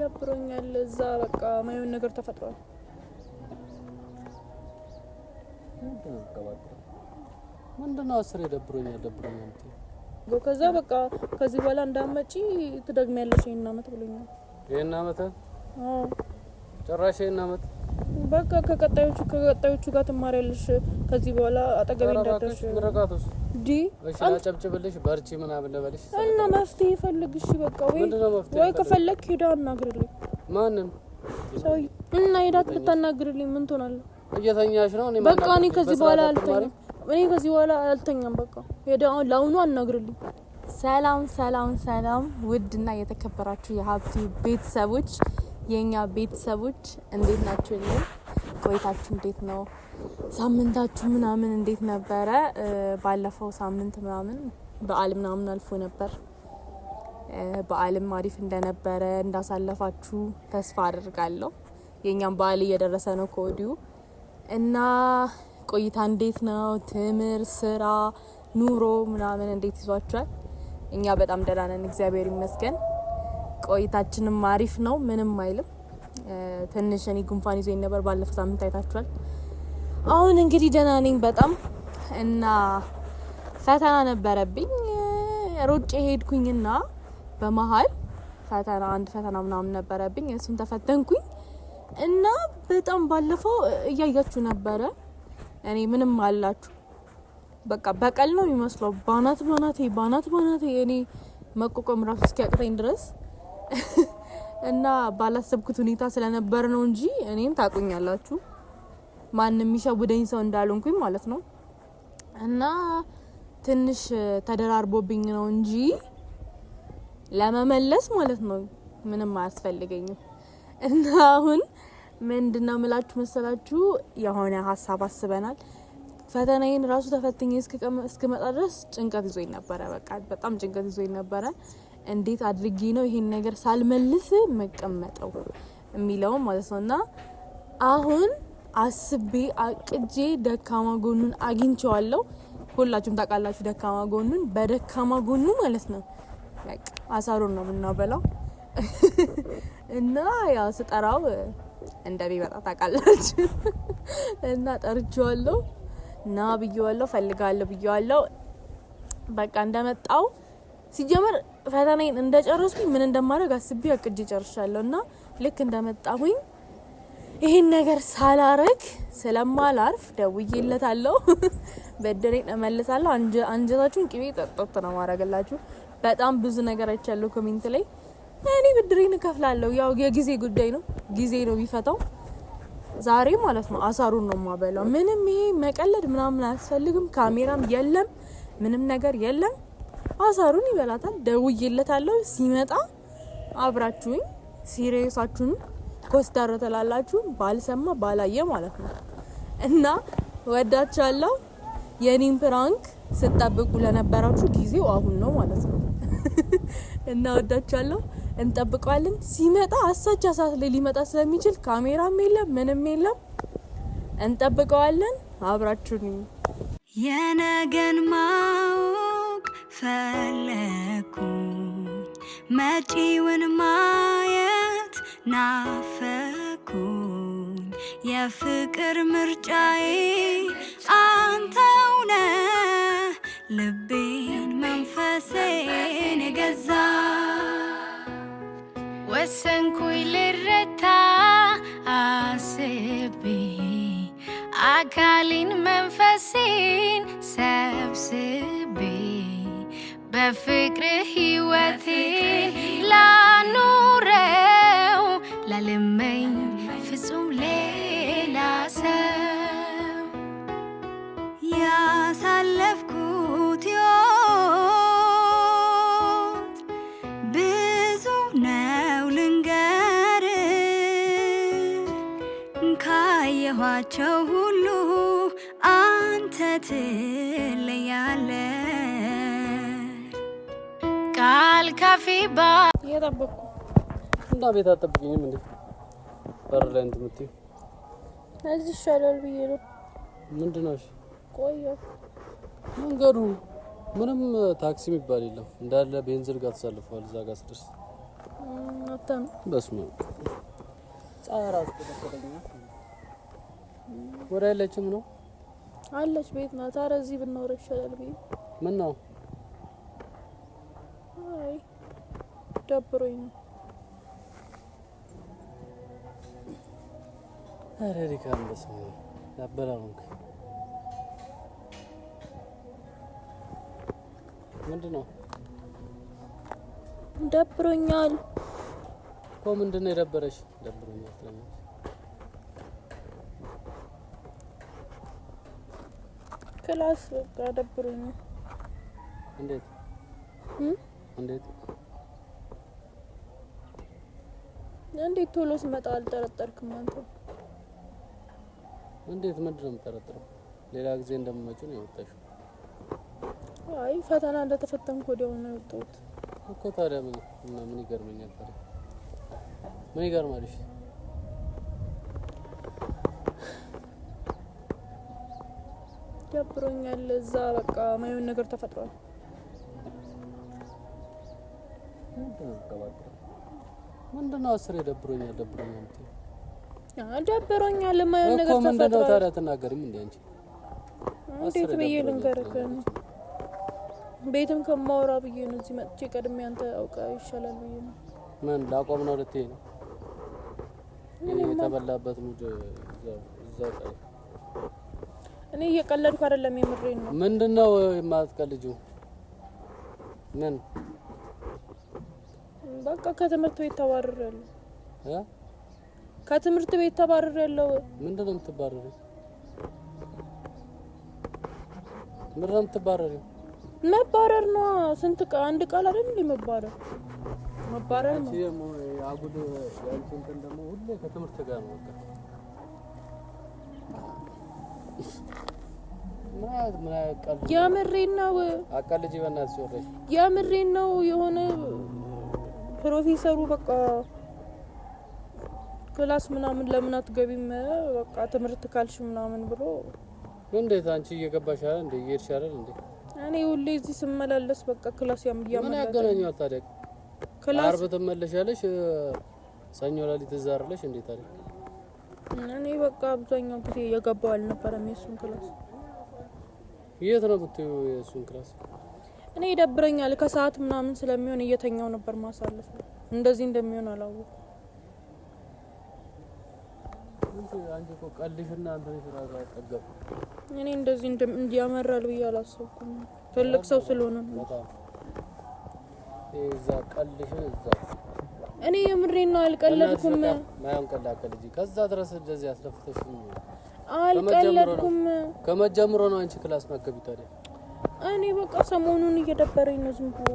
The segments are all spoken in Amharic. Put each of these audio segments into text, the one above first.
ደብሮኛል። እዛ በቃ ማየውን ነገር ተፈጥሯል። ምንድነው አስሬ ደብሮኛል ደብሮኛል። ከዛ በቃ ከዚህ በኋላ እንዳመጪ ትደግሚያለሽ ይሄን አመት ብሎኛል። ይሄን አመት? አዎ ጭራሽ ይሄን አመት በቃ ከቀጣዮቹ ከቀጣዮቹ ጋር ትማሪያለሽ ከዚህ በኋላ አጠገቤ እንዳደርሽ ረጋቶች ዲ አጨብጭብልሽ በርቺ ምናምን ልበልሽ እና መፍትሄ ይፈልግሽ በቃ ወይ ወይ ከፈለክ ሄዳ አናግርልኝ ማንን ሰው እና ሄዳት ብታናግርልኝ ምን ትሆናለህ እየተኛሽ ነው እኔ በቃ እኔ ከዚህ በኋላ አልተኛም እኔ ከዚህ በኋላ አልተኛም በቃ ሄዳ ለአሁኑ አናግርልኝ ሰላም ሰላም ሰላም ውድና የተከበራችሁ የሀብቱ ቤተሰቦች የእኛ ቤተሰቦች እንዴት ናቸው ቆይታችሁ እንዴት ነው? ሳምንታችሁ ምናምን እንዴት ነበረ? ባለፈው ሳምንት ምናምን በዓል ምናምን አልፎ ነበር። በዓልም አሪፍ እንደነበረ እንዳሳለፋችሁ ተስፋ አድርጋለሁ። የእኛም በዓል እየደረሰ ነው ከወዲሁ እና ቆይታ እንዴት ነው? ትምህርት፣ ስራ፣ ኑሮ ምናምን እንዴት ይዟችኋል? እኛ በጣም ደህና ነን፣ እግዚአብሔር ይመስገን። ቆይታችንም አሪፍ ነው፣ ምንም አይልም። ትንሽ እኔ ጉንፋን ይዞኝ ነበር ባለፈው ሳምንት አይታችኋል። አሁን እንግዲህ ደህና ነኝ በጣም እና ፈተና ነበረብኝ ሮጬ ሄድኩኝና በመሀል ፈተና አንድ ፈተና ምናምን ነበረብኝ እሱን ተፈተንኩኝ እና በጣም ባለፈው እያያችሁ ነበረ። እኔ ምንም አላችሁ በቃ በቀል ነው የሚመስለው። ባናት ባናቴ ባናት ባናቴ እኔ መቋቋም ራሱ እስኪያቅተኝ ድረስ እና ባላሰብኩት ሁኔታ ስለነበር ነው እንጂ እኔም ታቁኛላችሁ ማንም የሚሸውደኝ ሰው እንዳልሆንኩኝ ማለት ነው። እና ትንሽ ተደራርቦብኝ ነው እንጂ ለመመለስ ማለት ነው ምንም አያስፈልገኝም። እና አሁን ምንድነው ምላችሁ መሰላችሁ የሆነ ሀሳብ አስበናል። ፈተናዬን ራሱ ተፈትኜ እስክመጣ ድረስ ጭንቀት ይዞኝ ነበረ። በቃ በጣም ጭንቀት ይዞኝ ነበረ። እንዴት አድርጌ ነው ይሄን ነገር ሳልመልስ መቀመጠው የሚለው ማለት ነው። እና አሁን አስቤ አቅጄ ደካማ ጎኑን አግኝቸዋለሁ ሁላችሁም ታውቃላችሁ ደካማ ጎኑን። በደካማ ጎኑ ማለት ነው አሳሩን ነው የምናበላው እና ያው ስጠራው እንደ ቢመጣ ታውቃላችሁ። እና ጠርቼዋለሁ፣ ና ብዬዋለሁ፣ ፈልጋለሁ ብዬዋለሁ። በቃ እንደመጣው ሲጀመር ፈተናዬን እንደጨረስኩኝ ምን እንደማድረግ አስቤ አቅጄ ጨርሻለሁ። እና ልክ እንደመጣሁኝ ይህን ነገር ሳላረግ ስለማላርፍ ደውዬለታለሁ። በድሬን እመልሳለሁ። አንጀታችሁን ቅቤ ጠጦት ነው ማድረግላችሁ። በጣም ብዙ ነገር አይቻለሁ ኮሜንት ላይ። እኔ ብድሬን እከፍላለሁ። ያው የጊዜ ጉዳይ ነው፣ ጊዜ ነው የሚፈታው። ዛሬ ማለት ነው አሳሩን ነው ማበላው። ምንም ይሄ መቀለድ ምናምን አያስፈልግም። ካሜራም የለም፣ ምንም ነገር የለም። አሳሩን ይበላታል። ደውዬለታለሁ። ሲመጣ አብራችሁኝ ሲሬሳችሁን ኮስዳረ ተላላችሁ ባልሰማ ባላየ ማለት ነው። እና ወዳችኋለሁ። የኔን ፕራንክ ስጠብቁ ለነበራችሁ ጊዜው አሁን ነው ማለት ነው። እና ወዳችኋለሁ። እንጠብቀዋለን። ሲመጣ አሳች ሰዓት ላይ ሊመጣ ስለሚችል ካሜራም የለም ምንም የለም። እንጠብቀዋለን። አብራችሁኝ የነገን ማው ፈለኩኝ መጪውን ማየት ናፈኩኝ የፍቅር ምርጫዬ አንተውነ ልቤን መንፈሴን የገዛ ወሰንኩኝ ልረታ አስቤ አካሊን መንፈሴን ሰብስቤ ፍቅር ሕይወቴ ላኑረው ላለመኝ ፍጹም ሌላ ሰው ያሳለፍኩት ሕይወት ብዙ ነው ልንገር ካየኋቸው ሁሉ አንተ ትለያለህ ባ እየጠበቅኩ እንዳ ቤት አጠብቅኝም እንዴ? በር ላይ እንትን የምትይው እዚህ ይሻላል ብዬ ነው። ምንድን ነው? እሺ ቆየ መንገዱ ምንም ታክሲ የሚባል የለም እንዳለ ቤንዝል ጋር ተሳልፈዋል። እዛ ጋር ስደርስ በስመ አብ ፀሐይ ወደ ያለችም ነው አለች ቤት ናት። ኧረ እዚህ ብናወራ ይሻላል ብዬ ምን ነው ደብሮኝ ነው። ኧረ ድካም በስመ አብ ያበላሉንክ ምንድን ነው? ደብሮኛል እኮ ምንድን ነው የደበረሽ? ደብሮኛል ስለሚል ክላስ በቃ ደብሮኛል። እንዴት እንዴት እንዴት ቶሎ ስመጣ አልጠረጠርክም አንተ? እንዴት ምንድን ነው የምጠረጥረው? ሌላ ጊዜ እንደምመጪ ነው የወጣሽው። አይ ፈተና እንደተፈተንኩ ወዲያው ነው የወጣሁት እኮ። ታዲያ ምን እና ምን ይገርመኛል? ታዲያ ምን ይገርማልሽ? ደብሮኛል። እዛ በቃ ማየውን ነገር ተፈጥሯል። ምንድነው አስሬ ደብሮኛል ደብሮኛል ደብሮኛል ለማየው ነገር ተፈጥሮ ምንድነው ታዲያ አትናገሪም እንዴ አንቺ እንዴት ብዬ ልንገርህ ቤትም ከማወራ ብዬ ነው እዚህ መጥቼ ቀድሜ አንተ አውቃ ይሻላል ብዬ ነው ምን ላቆም ነው ልትይ ነው የተበላበት ሙድ እዛው ቀይ እኔ እየቀለድኩ አይደለም የምሬን ነው ምንድነው የማትቀልጂው ምን በቃ ከትምህርት ቤት ተባረር ያለው እ ከትምህርት ቤት ተባረር ያለው ምንድን ነው የምትባረሪው? ምንድን ነው የምትባረሪው? መባረር ነው ስንት አንድ ቃል አይደል እንዴ መባረር መባረር ነው። ሲየሙ አጉል ያንቺ እንትን ደግሞ ሁሌ ከትምህርት ጋር ነው በቃ የምሬን ነው። አቃልጂ በእናትሽ ወረሽ የምሬን ነው የሆነ ፕሮፌሰሩ በቃ ክላስ ምናምን ለምን አትገቢም በቃ ትምህርት ካልሽ ምናምን ብሎ እንዴት አንቺ እየገባሽ አይደል እንዴ እየሄድሽ አይደል እንዴ እኔ ሁሌ እዚህ ስመላለስ በቃ ክላስ ያም ምን ያገናኛል ታዲያ ክላስ አርብ ትመለሻለሽ ሰኞ ላሊት ትዛርለሽ እንዴ ታዲያ እኔ በቃ አብዛኛው ጊዜ እየገባው አልነበረም የእሱን ክላስ የት ነው ብትዩ የእሱን ክላስ እኔ ይደብረኛል። ከሰዓት ምናምን ስለሚሆን እየተኛው ነበር ማሳለፍ እንደዚህ እንደሚሆን አላወኩም። እኔ እንደዚህ እንዲያመራል ብዬ አላሰብኩም። ትልቅ ሰው ስለሆነ ነው። እኔ የምሬን ነው፣ አልቀለድኩም። ከዛ ድረስ እንደዚህ አስለፍተሽ አልቀለድኩም። ከመጀመሩ ነው አንቺ ክላስ መገቢ ታዲያ እኔ በቃ ሰሞኑን እየደበረኝ ነው። ዝም ብሎ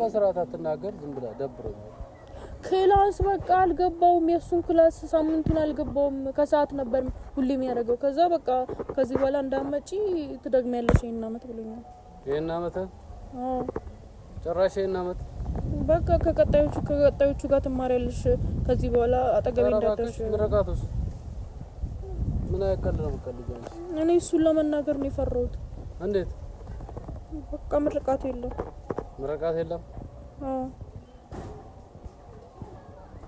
በስርዓት አትናገር። ዝም ብላ ደብረኝ ክላስ በቃ አልገባውም። የእሱን ክላስ ሳምንቱን አልገባውም። ከሰዓት ነበር ሁሌ የሚያደርገው። ከዛ በቃ ከዚህ በኋላ እንዳመጪ ትደግሚያለሽ ይሄን አመት ብሎኛል። ይሄን አመት ጭራሽ ይሄን አመት በቃ ከቀጣዮቹ ከቀጣዮቹ ጋር ትማሪያለሽ። ከዚህ በኋላ አጠገቤ እንዳደርሽ ምረቃቶች ምን ያቀል ነው እኔ እሱን ለመናገር ነው የፈራሁት። እንዴት? በቃ ምርቃት የለም ምርቃት የለም።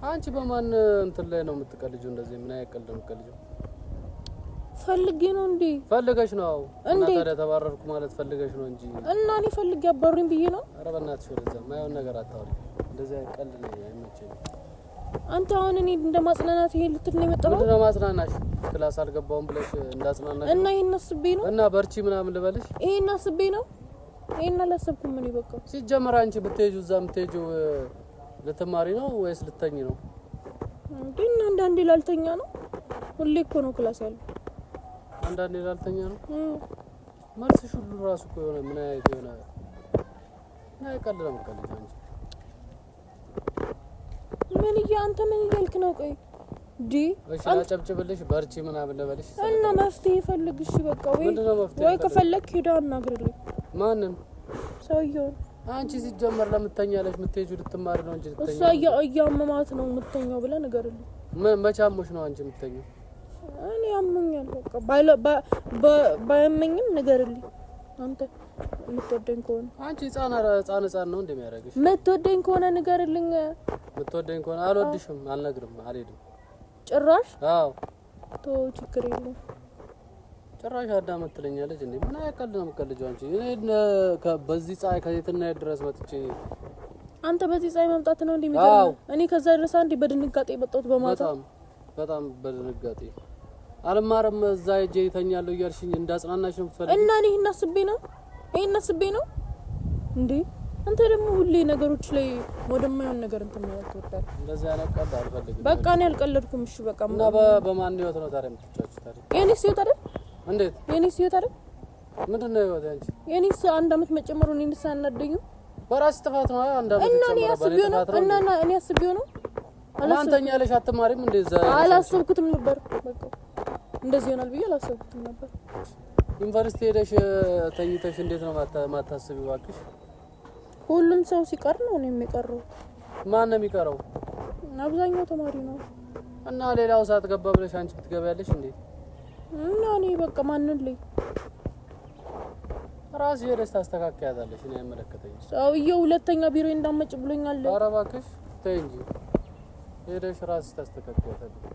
አንቺ በማን እንትን ላይ ነው የምትቀልጂው? እንደዚህ ምን ያቀል ነው የምትቀልጂው? ፈልጌ ነው እንዴ? ፈልገሽ ነው እንዴ? ታዲያ ተባረርኩ ማለት ፈልገሽ ነው እንጂ እና እኔ ፈልጌ አባሩኝ ብዬ ነው። ኧረ በእናትሽ ወደዛ ማይሆን ነገር አታወሪ። እንደዚህ ቀልድ ነው አይመቸኝም። አንተ አሁን እኔ እንደ ማጽናናት ይሄ ልትል ነው የመጣሁት። ምንድን ነው ማጽናናሽ? ክላስ አልገባውም ብለሽ እንዳጽናናሽ እና ይሄን አስቤ ነው እና በርቺ ምናምን ልበልሽ? ይሄን አስቤ ነው። ይሄን አላሰብኩም። ምን ይበቃ። ሲጀመር አንቺ ብትሄጂው እዛ የምትሄጂው ልትማሪ ነው ወይስ ልተኝ ነው? ግን አንዳንዴ ላልተኛ ነው። ሁሌ እኮ ነው ክላስ ያለው። አንዳንዴ ላልተኛ ነው። መልስሽ ሁሉ ራሱ እኮ የሆነ ምን አይነት የሆነ ምን አይቀልለም። አንቺ ምን እያ አንተ ምን እያልክ ነው? ቆይ ዲ አጨብጭብልሽ በርቺ ምናምን ልበልሽ እና መፍትሄ ይፈልግሽ። በቃ ወይ ወይ ከፈለክ ሄዳ አናግርልኝ። ማንን? ሰውየውን አንቺ ሲጀመር ለምተኛለሽ የምትሄጂው ልትማር ነው እንጂ ልትተኛ እሷ እያመማት ነው የምተኛው ብለህ ንገርልኝ። ምን መቻሞች ነው አንቺ የምተኛው? እኔ ያመኛል በቃ ባያመኝም ንገርልኝ አንተ የምትወደኝ ከሆነ አንቺ ህጻን ህጻን ህጻን ነው እንደሚያደርግሽ። የምትወደኝ ከሆነ ንገርልኝ። የምትወደኝ ከሆነ አልወድሽም፣ አልነግርም፣ አልሄድም ጭራሽ። አዎ ቶ ችግር የለም ጭራሽ አዳም ትለኛለች እንዴ? ምን ያቀል ነው የምትቀልጂው አንቺ? እኔ በዚህ ፀሐይ ከየትና የት ድረስ መጥቼ አንተ በዚህ ፀሐይ መምጣት ነው እንዴ የሚገርም? እኔ ከዛ ድረስ አንዴ በድንጋጤ መጣሁት በማታ በጣም በጣም በድንጋጤ አልማረም። እዛ ሂጅ እተኛለሁ እያልሽኝ እንዳጽናናሽ ነው የምትፈልጊው እና እኔ ይሄን ነው ይሄን አስቤ ነው እንዴ? አንተ ደግሞ ሁሌ ነገሮች ላይ ወደማይሆን ነገር እንትን ማለት ትወዳለህ። እንደዚህ አይነት ቀልድ አልፈልግም። በቃ እኔ አልቀለድኩም። እሺ በቃ እና በማን ህይወት ነው ታዲያ የምትጫወቱት? ታዲያ የኔስ ህይወት አይደል? እንዴት የኔስ ህይወት አይደል? ምንድን ነው ህይወት አንቺ? የኔስ አንድ አመት መጨመሩ እኔን ሳናደኝም በራስ ጥፋት ነው። አንድ አመት እና እኔ አስቤው ነው እና እና እኔ አስቤው ነው። አንተኛ ያለሽ አትማሪም። እንዴ? እንደዛ አላሰብኩትም ነበር። በቃ እንደዚህ ይሆናል ብዬ አላሰብኩትም ነበር። ዩኒቨርሲቲ ሄደሽ ተኝተሽ እንዴት ነው ማታስብ? እባክሽ ሁሉም ሰው ሲቀር ነው ነው የሚቀረው። ማን ነው የሚቀረው? አብዛኛው ተማሪ ነው። እና ሌላው ሰዓት ገባ ብለሽ አንቺ ብትገቢያለሽ እንዴ? እና እኔ በቃ ማንን ልኝ ራስ ሄደሽ ታስተካክያታለሽ። እኔ አይመለከተኝም። ሰውዬው ሁለተኛ ቢሮ እንዳመጭ ብሎኛል። ኧረ እባክሽ ተይ እንጂ ሄደሽ ራስሽ ታስተካክያታለሽ።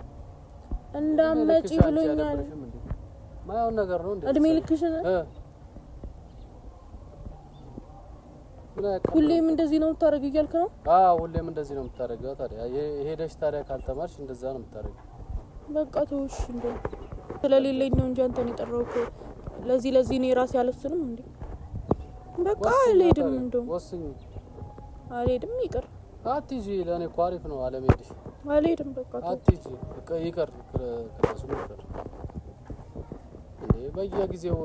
እንዳመጪ ብሎኛል። ማየውን ነገር ነው እንዴ? እድሜ ልክሽን ሁሌም እንደዚህ ነው የምታደርግ እያልክ ነው? አዎ ሁሌም እንደዚህ ነው የምታደርገው። ታዲያ ሄደሽ ታዲያ ካልተማርሽ እንደዛ ነው የምታደርገው። በቃ ተውሽ እንዴ። ስለሌለኝ ነው እንጂ አንተን የጠራው ለዚህ ለዚህ እኔ ራሴ አልወስንም እንዴ። በቃ አልሄድም፣ እንደውም ወስኝ አልሄድም። ይቅር አትሂጂ። ለእኔ እኮ አሪፍ ነው አለመሄድሽ። አልሄድም በቃ አትሂጂ። ይቅር ይቅር በየጊዜው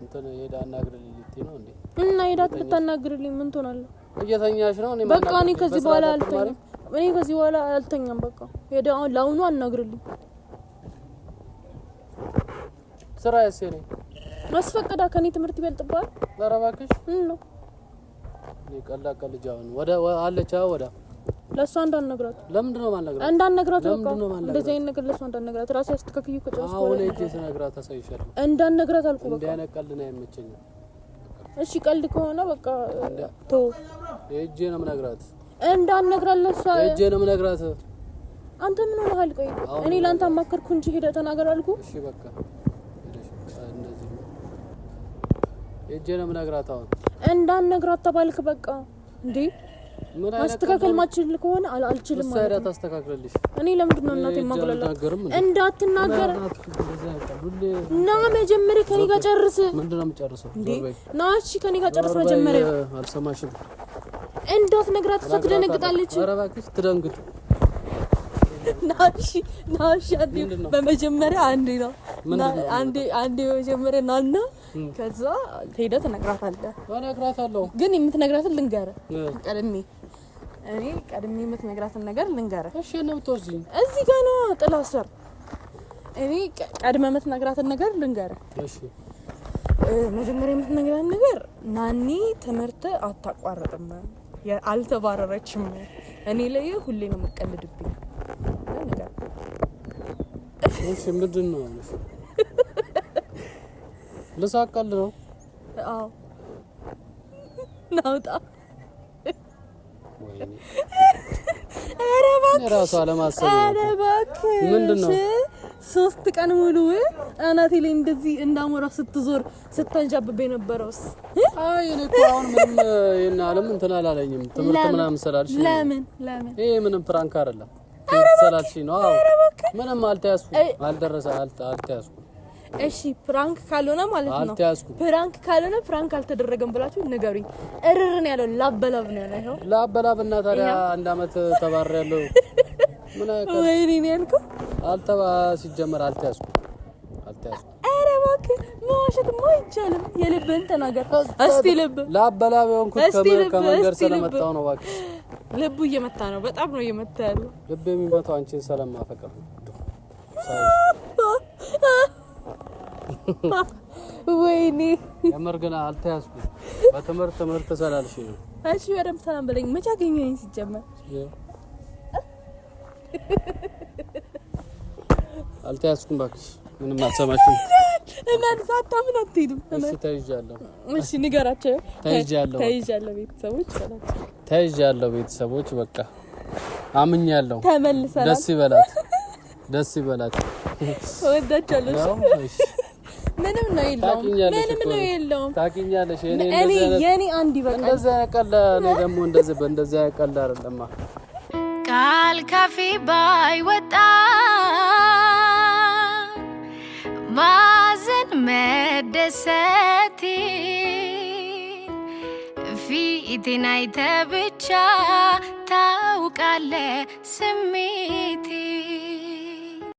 እንትን ሄዳ አናግርልኝ ልትይ ነው እንዴ? እና ሄዳ ልታናግርልኝ ምን ትሆናለህ? እየተኛሽ ነው? በቃ እኔ ከዚህ በኋላ አልተኛም። እኔ ከዚህ በኋላ አልተኛም። በቃ ሄዳ ለአሁኑ አናግርልኝ። ስራ ያሴኔ አስፈቅዳ ከኔ ትምህርት ይበልጥብሃል። ኧረ እባክሽ ነው ቀላቀል ልጅ አሁን ወደ አለቻ ወዳ ለእሷ እንዳነግራት። ለምንድን ነው ማነግራት? እንዳነግራት በቃ እንደዚህ አይነት ነገር ለእሷ እንዳነግራት። ራሴ አስተካክዬ ቁጭ ብለው አሁን እጄ ስነግራት አሳይሻለሁ። እንዳነግራት አልኩ። በቃ እንዲህ አይነት ነው አይመቸኝም። እሺ ቀልድ ከሆነ በቃ ተው። እጄ ነው የምነግራት። እንዳነግራት ለእሷ እጄ ነው የምነግራት። አንተ ምን ሆነሃል? ቆይ እኔ ለአንተ አማከርኩ እንጂ ሄደህ ተናገር አልኩ። እሺ በቃ እጄ ነው የምነግራት። አሁን እንዳነግራት ተባልክ በቃ እንዴ ማስተካከል ማችል ከሆነ አልችልም ማለት ነው። ታስተካክለልሽ። እኔ ለምንድን ነው እናቴ የማጉላላት? እንዳትናገር እና መጀመሪያ ከኔ ጋር ጨርስ። ምንድን ነው የምጨርሰው? ና እሺ፣ ከኔ ጋር ጨርስ መጀመሪያ። አልሰማሽም። እንዳትነግራት እሷ ትደነግጣለች። ኧረ እባክሽ ትደንግጥ ናሽ በመጀመሪያ አንዴ ነው አንዴ በመጀመሪያ ናና ከዛ ሄደህ ትነግራታለህ። እነግራታለሁ ግን የምትነግራትን ልንገርህ ቀድሜ እኔ ቀድሜ የምትነግራትን ነገር ልንገርህ። እዚህ ጋ ነው ጥላ ስር እኔ ቀድመህ የምትነግራትን ነገር ልንገርህ። መጀመሪያ የምትነግራትን ነገር ናኒ ትምህርት አታቋርጥም፣ አልተባረረችም። እኔ ላይ ሁሌ ነው የምትቀልድብኝ ምንድን ነው ልሳቀል ነው? አዎ ናውጣ ራሷ ለማሰብ ምንድን ነው ሶስት ቀን ሙሉ አናቴ ላይ እንደዚህ እንዳሞራ ስትዞር ስታንዣብብ የነበረውስ? አይ እኔ እኮ አሁን ምንም ይሄን ዓለም እንትን አላለኝም። ትምህርት ምናምን ስላልሽ ለምን ለምን ይሄ ምንም ፕራንክ አይደለም ስላልሽ ነው። አዎ ምንም አልተያዝኩም፣ አልደረሰ አልተያዝኩም። እሺ ፕራንክ ካልሆነ ማለት ነው አልተያዝኩም። ፕራንክ ካልሆነ ፕራንክ አልተደረገም ብላችሁ ንገሩኝ። እርር ነው ያለው፣ ላበላብ ነው ያለው። ይኸው ላበላብ እና ታዲያ አንድ አመት ተባረ ያለው ምን አያውቅም። ወይኔ ነው ያልከው። አልተባ ሲጀመር አልተያዝኩም፣ አልተያዝኩም። ኧረ እባክህ መዋሸትማ አይቻልም። የልብህን ተናገር እስቲ። ልብ ላበላብ የሆንኩት ከመንገድ ስለመጣሁ ነው እባክሽ ልቡ እየመታ ነው። በጣም ነው እየመታ ያለው። ልብ የሚመታው አንቺን ስለማፈቅር ነው። ወይኔ የምር ግን አልተያዝኩ። በትምህርት ትምህርት ሰላልሽ ነው። እሺ በደምብ ሰላም በለኝ። መቼ አገኘኝ? ሲጀመር አልተያዝኩም። እባክሽ ምንም አልሰማሽም። እመን ምን አትሄዱም? እሺ ተይዣለሁ። እሺ ንገራቸው። ተይዣለሁ፣ ተይዣለሁ ቤተሰቦች ተይዣለሁ። ቤተሰቦች በቃ አምኛለሁ። ተመልሰናል። ደስ ይበላት፣ ደስ ይበላት። ወዳቻለሁ። ምንም ነው የለውም፣ ምንም ነው የለውም። ታውቂኛለሽ፣ እኔ የኔ አንድ ይበቃል። እኔ ደግሞ እንደዚህ ቃል ካፌ ባይወጣ ማዘን መደሰቴ ፊቴን አይተ ብቻ ታውቃለ ስሜቴ